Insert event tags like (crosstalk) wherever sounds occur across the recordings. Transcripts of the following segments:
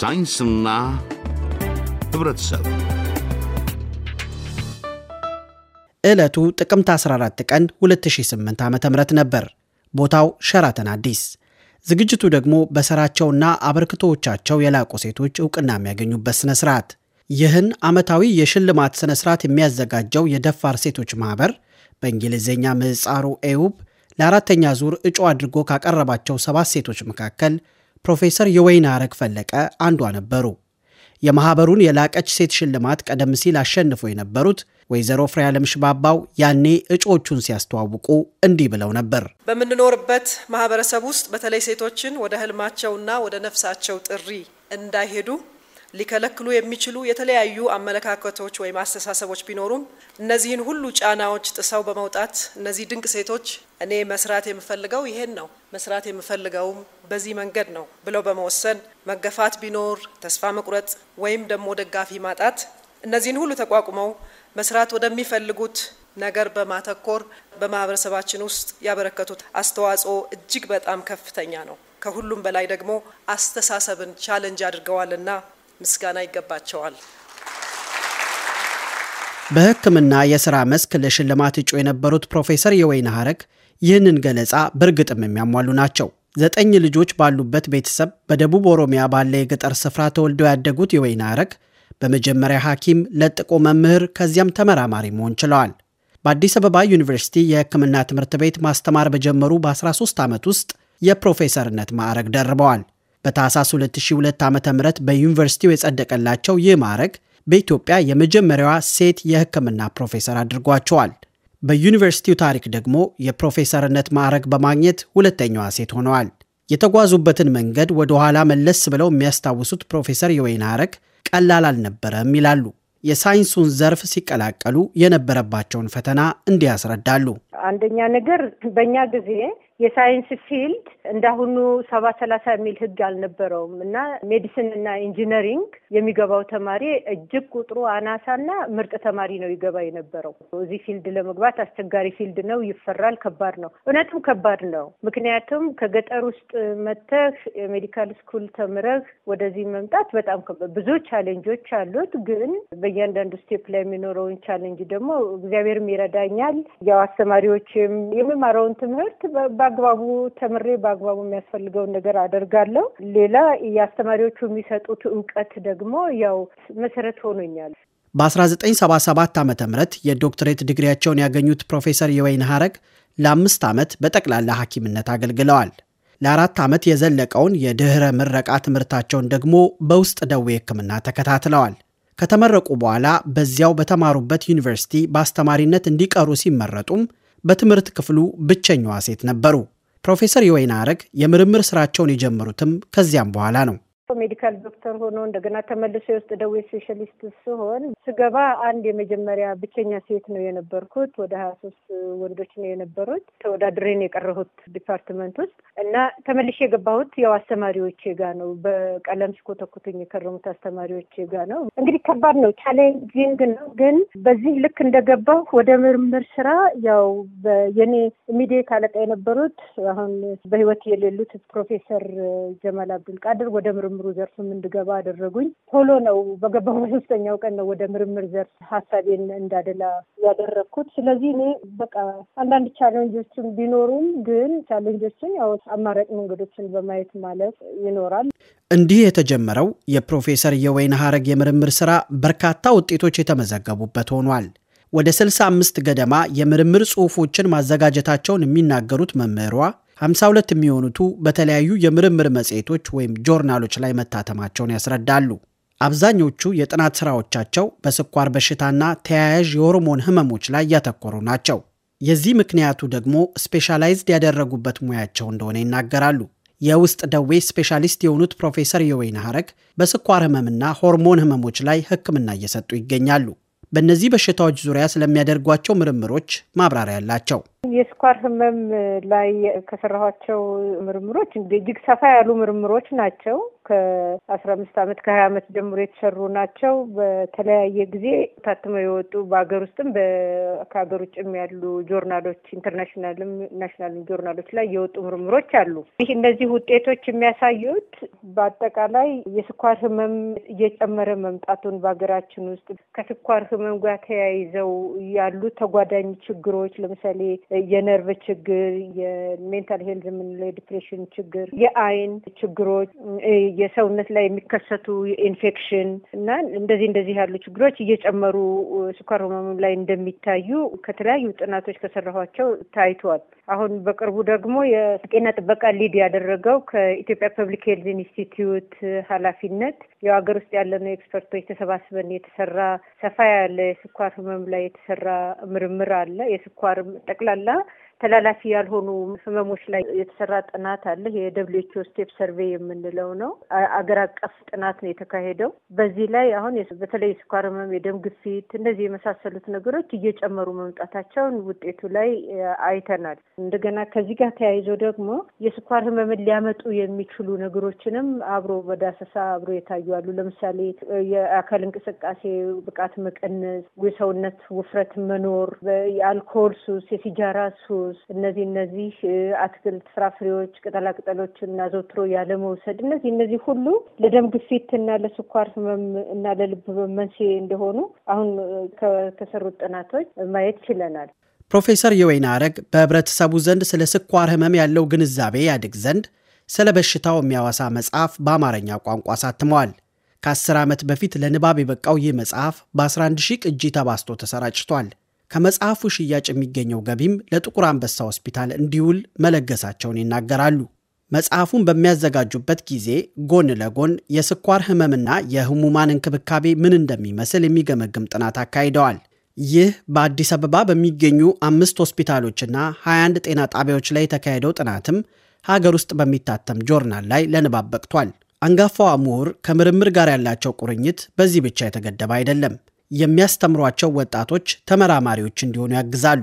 ሳይንስና ህብረተሰብ ዕለቱ ጥቅምት 14 ቀን 2008 ዓ ም ነበር። ቦታው ሸራተን አዲስ። ዝግጅቱ ደግሞ በሥራቸውና አበርክቶዎቻቸው የላቁ ሴቶች ዕውቅና የሚያገኙበት ሥነ ሥርዓት። ይህን ዓመታዊ የሽልማት ሥነ ሥርዓት የሚያዘጋጀው የደፋር ሴቶች ማኅበር በእንግሊዝኛ ምዕፃሩ ኤውብ ለአራተኛ ዙር እጩ አድርጎ ካቀረባቸው ሰባት ሴቶች መካከል ፕሮፌሰር የወይን አረግ ፈለቀ አንዷ ነበሩ። የማኅበሩን የላቀች ሴት ሽልማት ቀደም ሲል አሸንፎ የነበሩት ወይዘሮ ፍሬያለም ሽባባው ያኔ እጩዎቹን ሲያስተዋውቁ እንዲህ ብለው ነበር። በምንኖርበት ማህበረሰብ ውስጥ በተለይ ሴቶችን ወደ ህልማቸውና ወደ ነፍሳቸው ጥሪ እንዳይሄዱ ሊከለክሉ የሚችሉ የተለያዩ አመለካከቶች ወይም አስተሳሰቦች ቢኖሩም እነዚህን ሁሉ ጫናዎች ጥሰው በመውጣት እነዚህ ድንቅ ሴቶች እኔ መስራት የምፈልገው ይሄን ነው፣ መስራት የምፈልገውም በዚህ መንገድ ነው ብለው በመወሰን መገፋት ቢኖር ተስፋ መቁረጥ ወይም ደግሞ ደጋፊ ማጣት እነዚህን ሁሉ ተቋቁመው መስራት ወደሚፈልጉት ነገር በማተኮር በማህበረሰባችን ውስጥ ያበረከቱት አስተዋጽኦ እጅግ በጣም ከፍተኛ ነው። ከሁሉም በላይ ደግሞ አስተሳሰብን ቻለንጅ አድርገዋልና ምስጋና ይገባቸዋል። በሕክምና የሥራ መስክ ለሽልማት እጩ የነበሩት ፕሮፌሰር የወይን ሐረግ ይህንን ገለጻ በእርግጥም የሚያሟሉ ናቸው። ዘጠኝ ልጆች ባሉበት ቤተሰብ በደቡብ ኦሮሚያ ባለ የገጠር ስፍራ ተወልደው ያደጉት የወይን ሐረግ በመጀመሪያ ሐኪም፣ ለጥቆ መምህር፣ ከዚያም ተመራማሪ መሆን ችለዋል። በአዲስ አበባ ዩኒቨርሲቲ የሕክምና ትምህርት ቤት ማስተማር በጀመሩ በ13 ዓመት ውስጥ የፕሮፌሰርነት ማዕረግ ደርበዋል። በታህሳስ 2002 ዓ ም በዩኒቨርሲቲው የጸደቀላቸው ይህ ማዕረግ በኢትዮጵያ የመጀመሪያዋ ሴት የሕክምና ፕሮፌሰር አድርጓቸዋል። በዩኒቨርሲቲው ታሪክ ደግሞ የፕሮፌሰርነት ማዕረግ በማግኘት ሁለተኛዋ ሴት ሆነዋል። የተጓዙበትን መንገድ ወደ ኋላ መለስ ብለው የሚያስታውሱት ፕሮፌሰር የወይን አረግ ቀላል አልነበረም ይላሉ። የሳይንሱን ዘርፍ ሲቀላቀሉ የነበረባቸውን ፈተና እንዲህ ያስረዳሉ። አንደኛ ነገር በእኛ ጊዜ የሳይንስ ፊልድ እንዳሁኑ ሰባ ሰላሳ የሚል ህግ አልነበረውም እና ሜዲሲን እና ኢንጂነሪንግ የሚገባው ተማሪ እጅግ ቁጥሩ አናሳና ምርጥ ተማሪ ነው ይገባ የነበረው። እዚህ ፊልድ ለመግባት አስቸጋሪ ፊልድ ነው፣ ይፈራል፣ ከባድ ነው። እውነትም ከባድ ነው። ምክንያቱም ከገጠር ውስጥ መተህ የሜዲካል ስኩል ተምረህ ወደዚህ መምጣት በጣም ብዙ ቻሌንጆች አሉት። ግን በእያንዳንዱ ስቴፕ ላይ የሚኖረውን ቻሌንጅ ደግሞ እግዚአብሔርም ይረዳኛል። ያው አስተማሪዎችም የምማረውን ትምህርት በአግባቡ ተምሬ በአግባቡ የሚያስፈልገውን ነገር አደርጋለሁ። ሌላ የአስተማሪዎቹ የሚሰጡት እውቀት ደግሞ ያው መሰረት ሆኖኛል። በ1977 ዓ ም የዶክትሬት ዲግሪያቸውን ያገኙት ፕሮፌሰር የወይን ሐረግ ለአምስት ዓመት በጠቅላላ ሐኪምነት አገልግለዋል። ለአራት ዓመት የዘለቀውን የድኅረ ምረቃ ትምህርታቸውን ደግሞ በውስጥ ደዌ ሕክምና ተከታትለዋል። ከተመረቁ በኋላ በዚያው በተማሩበት ዩኒቨርሲቲ በአስተማሪነት እንዲቀሩ ሲመረጡም በትምህርት ክፍሉ ብቸኛዋ ሴት ነበሩ። ፕሮፌሰር የወይን አረግ የምርምር ስራቸውን የጀመሩትም ከዚያም በኋላ ነው። ሜዲካል ዶክተር ሆኖ እንደገና ተመልሶ የውስጥ ደዌ ስፔሻሊስት ሲሆን ስገባ አንድ የመጀመሪያ ብቸኛ ሴት ነው የነበርኩት። ወደ ሀያ ሶስት ወንዶች ነው የነበሩት። ተወዳድሬን የቀረሁት ዲፓርትመንት ውስጥ እና ተመልሼ የገባሁት ያው አስተማሪዎቼ ጋ ነው። በቀለም ሲኮተኩቱኝ የከረሙት አስተማሪዎቼ ጋ ነው። እንግዲህ ከባድ ነው፣ ቻሌንጂንግ ነው። ግን በዚህ ልክ እንደገባሁ ወደ ምርምር ስራ ያው የኔ ኢሚዲየት አለቃ የነበሩት አሁን በህይወት የሌሉት ፕሮፌሰር ጀማል አብዱልቃድር ወደ ምርምር ምርምሩ ዘርፍም እንድገባ አደረጉኝ። ቶሎ ነው በገባው (laughs) በሶስተኛው ቀን ነው ወደ ምርምር ዘርፍ ሀሳቤን እንዳደላ ያደረግኩት። ስለዚህ እኔ በቃ አንዳንድ ቻሌንጆችን ቢኖሩም ግን ቻሌንጆችን ያው አማራጭ መንገዶችን በማየት ማለት ይኖራል። እንዲህ የተጀመረው የፕሮፌሰር የወይን ሀረግ የምርምር ስራ በርካታ ውጤቶች የተመዘገቡበት ሆኗል። ወደ 65 ገደማ የምርምር ጽሑፎችን ማዘጋጀታቸውን የሚናገሩት መምህሯ 52 የሚሆኑቱ በተለያዩ የምርምር መጽሔቶች ወይም ጆርናሎች ላይ መታተማቸውን ያስረዳሉ። አብዛኞቹ የጥናት ሥራዎቻቸው በስኳር በሽታና ተያያዥ የሆርሞን ህመሞች ላይ ያተኮሩ ናቸው። የዚህ ምክንያቱ ደግሞ ስፔሻላይዝድ ያደረጉበት ሙያቸው እንደሆነ ይናገራሉ። የውስጥ ደዌ ስፔሻሊስት የሆኑት ፕሮፌሰር የወይን ሐረግ በስኳር ህመምና ሆርሞን ህመሞች ላይ ሕክምና እየሰጡ ይገኛሉ። በእነዚህ በሽታዎች ዙሪያ ስለሚያደርጓቸው ምርምሮች ማብራሪያ አላቸው። የስኳር ህመም ላይ ከሰራኋቸው ምርምሮች እንግዲህ እጅግ ሰፋ ያሉ ምርምሮች ናቸው። ከአስራ አምስት ዓመት ከሀያ አመት ጀምሮ የተሰሩ ናቸው። በተለያየ ጊዜ ታትመው የወጡ በሀገር ውስጥም ከሀገር ውጭም ያሉ ጆርናሎች ኢንተርናሽናልም ናሽናልም ጆርናሎች ላይ የወጡ ምርምሮች አሉ። ይህ እነዚህ ውጤቶች የሚያሳዩት በአጠቃላይ የስኳር ህመም እየጨመረ መምጣቱን በሀገራችን ውስጥ ከስኳር ህመም ጋር ተያይዘው ያሉ ተጓዳኝ ችግሮች ለምሳሌ የነርቭ ችግር፣ የሜንታል ሄልዝ የምንለው የዲፕሬሽን ችግር፣ የአይን ችግሮች የሰውነት ላይ የሚከሰቱ ኢንፌክሽን እና እንደዚህ እንደዚህ ያሉ ችግሮች እየጨመሩ ስኳር ህመሙ ላይ እንደሚታዩ ከተለያዩ ጥናቶች ከሰራኋቸው ታይቷል። አሁን በቅርቡ ደግሞ የጤና ጥበቃ ሊድ ያደረገው ከኢትዮጵያ ፐብሊክ ሄልዝ ኢንስቲትዩት ኃላፊነት የሀገር ውስጥ ያለነው ኤክስፐርቶች ተሰባስበን የተሰራ ሰፋ ያለ የስኳር ህመም ላይ የተሰራ ምርምር አለ። የስኳር ጠቅላላ ተላላፊ ያልሆኑ ህመሞች ላይ የተሰራ ጥናት አለ። የደብሊውኤችኦ ስቴፕ ሰርቬይ የምንለው ነው። አገር አቀፍ ጥናት ነው የተካሄደው። በዚህ ላይ አሁን በተለይ የስኳር ህመም፣ የደም ግፊት እነዚህ የመሳሰሉት ነገሮች እየጨመሩ መምጣታቸውን ውጤቱ ላይ አይተናል። እንደገና ከዚህ ጋር ተያይዞ ደግሞ የስኳር ህመምን ሊያመጡ የሚችሉ ነገሮችንም አብሮ በዳሰሳ አብሮ የታዩ አሉ። ለምሳሌ የአካል እንቅስቃሴ ብቃት መቀነስ፣ የሰውነት ውፍረት መኖር፣ የአልኮል ሱስ፣ የሲጃራ ሱስ ሩዝ፣ እነዚህ እነዚህ አትክልት፣ ፍራፍሬዎች፣ ቅጠላቅጠሎች እና ዘወትሮ ያለመውሰድ እነዚህ እነዚህ ሁሉ ለደም ግፊት እና ለስኳር ህመም እና ለልብ ህመም መንስኤ እንደሆኑ አሁን ከተሰሩት ጥናቶች ማየት ችለናል። ፕሮፌሰር የወይና አረግ በህብረተሰቡ ዘንድ ስለ ስኳር ህመም ያለው ግንዛቤ ያድግ ዘንድ ስለ በሽታው የሚያዋሳ መጽሐፍ በአማርኛ ቋንቋ አሳትመዋል። ከአስር ዓመት በፊት ለንባብ የበቃው ይህ መጽሐፍ በ11 ሺህ ቅጂ ተባስቶ ተሰራጭቷል። ከመጽሐፉ ሽያጭ የሚገኘው ገቢም ለጥቁር አንበሳ ሆስፒታል እንዲውል መለገሳቸውን ይናገራሉ። መጽሐፉን በሚያዘጋጁበት ጊዜ ጎን ለጎን የስኳር ህመምና የህሙማን እንክብካቤ ምን እንደሚመስል የሚገመግም ጥናት አካሂደዋል። ይህ በአዲስ አበባ በሚገኙ አምስት ሆስፒታሎችና 21 ጤና ጣቢያዎች ላይ የተካሄደው ጥናትም ሀገር ውስጥ በሚታተም ጆርናል ላይ ለንባብ በቅቷል። አንጋፋዋ ምሁር ከምርምር ጋር ያላቸው ቁርኝት በዚህ ብቻ የተገደበ አይደለም። የሚያስተምሯቸው ወጣቶች ተመራማሪዎች እንዲሆኑ ያግዛሉ።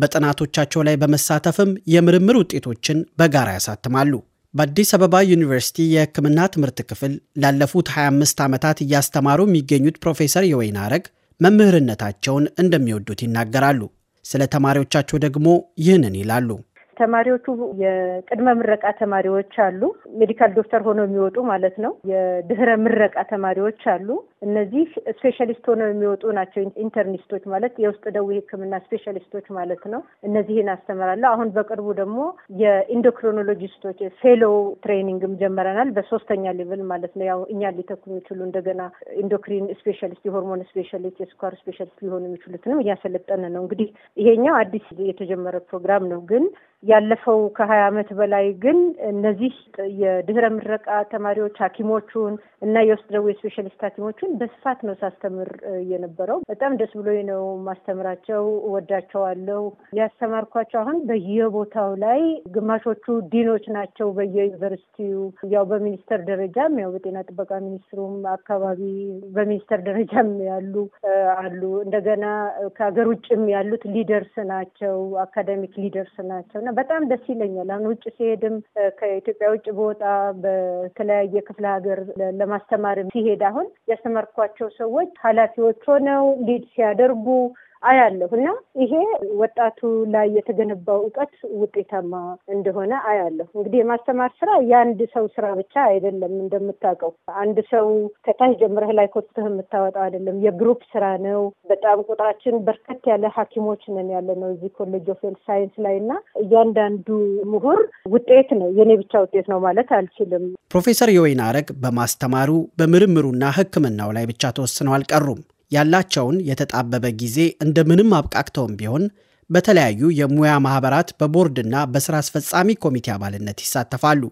በጥናቶቻቸው ላይ በመሳተፍም የምርምር ውጤቶችን በጋራ ያሳትማሉ። በአዲስ አበባ ዩኒቨርሲቲ የሕክምና ትምህርት ክፍል ላለፉት 25 ዓመታት እያስተማሩ የሚገኙት ፕሮፌሰር የወይን አረግ መምህርነታቸውን እንደሚወዱት ይናገራሉ። ስለ ተማሪዎቻቸው ደግሞ ይህንን ይላሉ። ተማሪዎቹ የቅድመ ምረቃ ተማሪዎች አሉ፣ ሜዲካል ዶክተር ሆነው የሚወጡ ማለት ነው። የድህረ ምረቃ ተማሪዎች አሉ። እነዚህ ስፔሻሊስት ሆነው የሚወጡ ናቸው። ኢንተርኒስቶች ማለት የውስጥ ደዌ ሕክምና ስፔሻሊስቶች ማለት ነው። እነዚህን አስተምራለሁ። አሁን በቅርቡ ደግሞ የኢንዶክሪኖሎጂስቶች ፌሎ ትሬኒንግም ጀመረናል። በሶስተኛ ሌቭል ማለት ነው። ያው እኛ ሊተኩ የሚችሉ እንደገና ኢንዶክሪን ስፔሻሊስት፣ የሆርሞን ስፔሻሊስት፣ የስኳር ስፔሻሊስት ሊሆኑ የሚችሉትንም እያሰለጠነ ነው። እንግዲህ ይሄኛው አዲስ የተጀመረ ፕሮግራም ነው ግን ያለፈው ከሀያ አመት በላይ ግን እነዚህ የድህረ ምረቃ ተማሪዎች ሐኪሞቹን እና የውስጥ ደዌ ስፔሻሊስት ሐኪሞቹን በስፋት ነው ሳስተምር የነበረው። በጣም ደስ ብሎኝ ነው ማስተምራቸው፣ እወዳቸዋለሁ። ያስተማርኳቸው አሁን በየቦታው ላይ ግማሾቹ ዲኖች ናቸው በየዩኒቨርሲቲው ያው በሚኒስተር ደረጃም ያው በጤና ጥበቃ ሚኒስትሩም አካባቢ በሚኒስተር ደረጃም ያሉ አሉ። እንደገና ከሀገር ውጭም ያሉት ሊደርስ ናቸው፣ አካዳሚክ ሊደርስ ናቸው እና በጣም ደስ ይለኛል። አሁን ውጭ ሲሄድም ከኢትዮጵያ ውጭ በወጣ በተለያየ ክፍለ ሀገር ለማስተማር ሲሄድ አሁን ያስተማርኳቸው ሰዎች ኃላፊዎች ሆነው ሊድ ሲያደርጉ አያለሁ እና ይሄ ወጣቱ ላይ የተገነባው እውቀት ውጤታማ እንደሆነ አያለሁ። እንግዲህ የማስተማር ስራ የአንድ ሰው ስራ ብቻ አይደለም። እንደምታውቀው አንድ ሰው ከታች ጀምረህ ላይ ኮትህ የምታወጣው አይደለም። የግሩፕ ስራ ነው። በጣም ቁጥራችን በርከት ያለ ሐኪሞች ነን ያለ ነው እዚህ ኮሌጅ ኦፍ ሄልት ሳይንስ ላይ እና እያንዳንዱ ምሁር ውጤት ነው የእኔ ብቻ ውጤት ነው ማለት አልችልም። ፕሮፌሰር የወይን አረግ በማስተማሩ በምርምሩና ሕክምናው ላይ ብቻ ተወስነው አልቀሩም። ያላቸውን የተጣበበ ጊዜ እንደምንም አብቃቅተውም ቢሆን በተለያዩ የሙያ ማኅበራት በቦርድና በሥራ አስፈጻሚ ኮሚቴ አባልነት ይሳተፋሉ።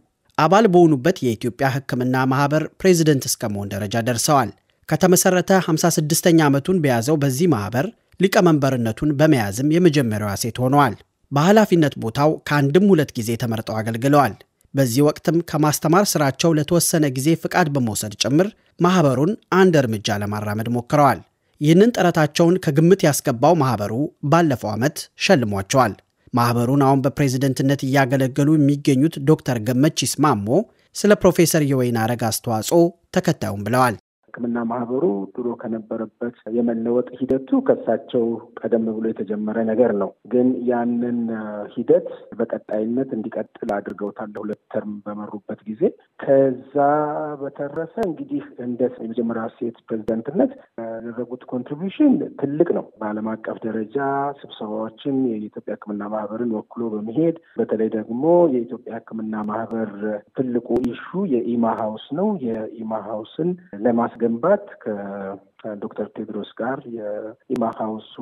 አባል በሆኑበት የኢትዮጵያ ሕክምና ማኅበር ፕሬዚደንት እስከ መሆን ደረጃ ደርሰዋል። ከተመሠረተ 56ኛ ዓመቱን በያዘው በዚህ ማኅበር ሊቀመንበርነቱን በመያዝም የመጀመሪያዋ ሴት ሆነዋል። በኃላፊነት ቦታው ከአንድም ሁለት ጊዜ ተመርጠው አገልግለዋል። በዚህ ወቅትም ከማስተማር ስራቸው ለተወሰነ ጊዜ ፍቃድ በመውሰድ ጭምር ማኅበሩን አንድ እርምጃ ለማራመድ ሞክረዋል። ይህንን ጥረታቸውን ከግምት ያስገባው ማኅበሩ ባለፈው ዓመት ሸልሟቸዋል። ማኅበሩን አሁን በፕሬዝደንትነት እያገለገሉ የሚገኙት ዶክተር ገመቺስ ማሞ ስለ ፕሮፌሰር የወይን አረግ አስተዋጽኦ ተከታዩም ብለዋል። ሕክምና ማህበሩ ድሮ ከነበረበት የመለወጥ ሂደቱ ከሳቸው ቀደም ብሎ የተጀመረ ነገር ነው። ግን ያንን ሂደት በቀጣይነት እንዲቀጥል አድርገውታል። ሁለት ተርም በመሩበት ጊዜ ከዛ በተረፈ እንግዲህ እንደ የመጀመሪያ ሴት ፕሬዚደንትነት ያደረጉት ኮንትሪቢሽን ትልቅ ነው። በዓለም አቀፍ ደረጃ ስብሰባዎችን የኢትዮጵያ ሕክምና ማህበርን ወክሎ በመሄድ በተለይ ደግሞ የኢትዮጵያ ሕክምና ማህበር ትልቁ ኢሹ የኢማ ሀውስ ነው። የኢማ ሀውስን ለማስገ ለመገንባት ከዶክተር ቴድሮስ ጋር የኢማሃውሱ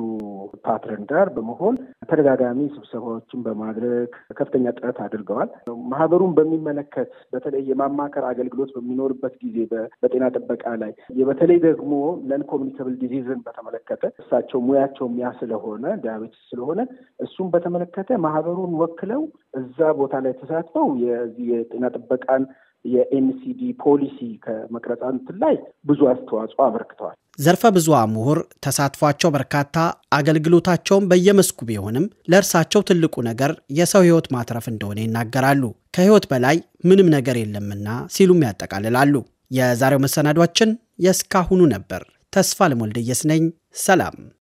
ፓትረን ጋር በመሆን ተደጋጋሚ ስብሰባዎችን በማድረግ ከፍተኛ ጥረት አድርገዋል። ማህበሩን በሚመለከት በተለይ የማማከር አገልግሎት በሚኖርበት ጊዜ በጤና ጥበቃ ላይ በተለይ ደግሞ ለን ኮሚኒካብል ዲዚዝን በተመለከተ እሳቸው ሙያቸው ያ ስለሆነ ዲያቤትስ ስለሆነ እሱም በተመለከተ ማህበሩን ወክለው እዛ ቦታ ላይ ተሳትፈው የዚህ የጤና ጥበቃን የኤምሲዲ ፖሊሲ ከመቅረጽ እንትን ላይ ብዙ አስተዋጽኦ አበርክተዋል። ዘርፈ ብዙ ምሁር ተሳትፏቸው በርካታ አገልግሎታቸውን በየመስኩ ቢሆንም ለእርሳቸው ትልቁ ነገር የሰው ሕይወት ማትረፍ እንደሆነ ይናገራሉ። ከሕይወት በላይ ምንም ነገር የለምና ሲሉም ያጠቃልላሉ። የዛሬው መሰናዷችን የእስካሁኑ ነበር። ተስፋ ለሞልደየስ ነኝ። ሰላም።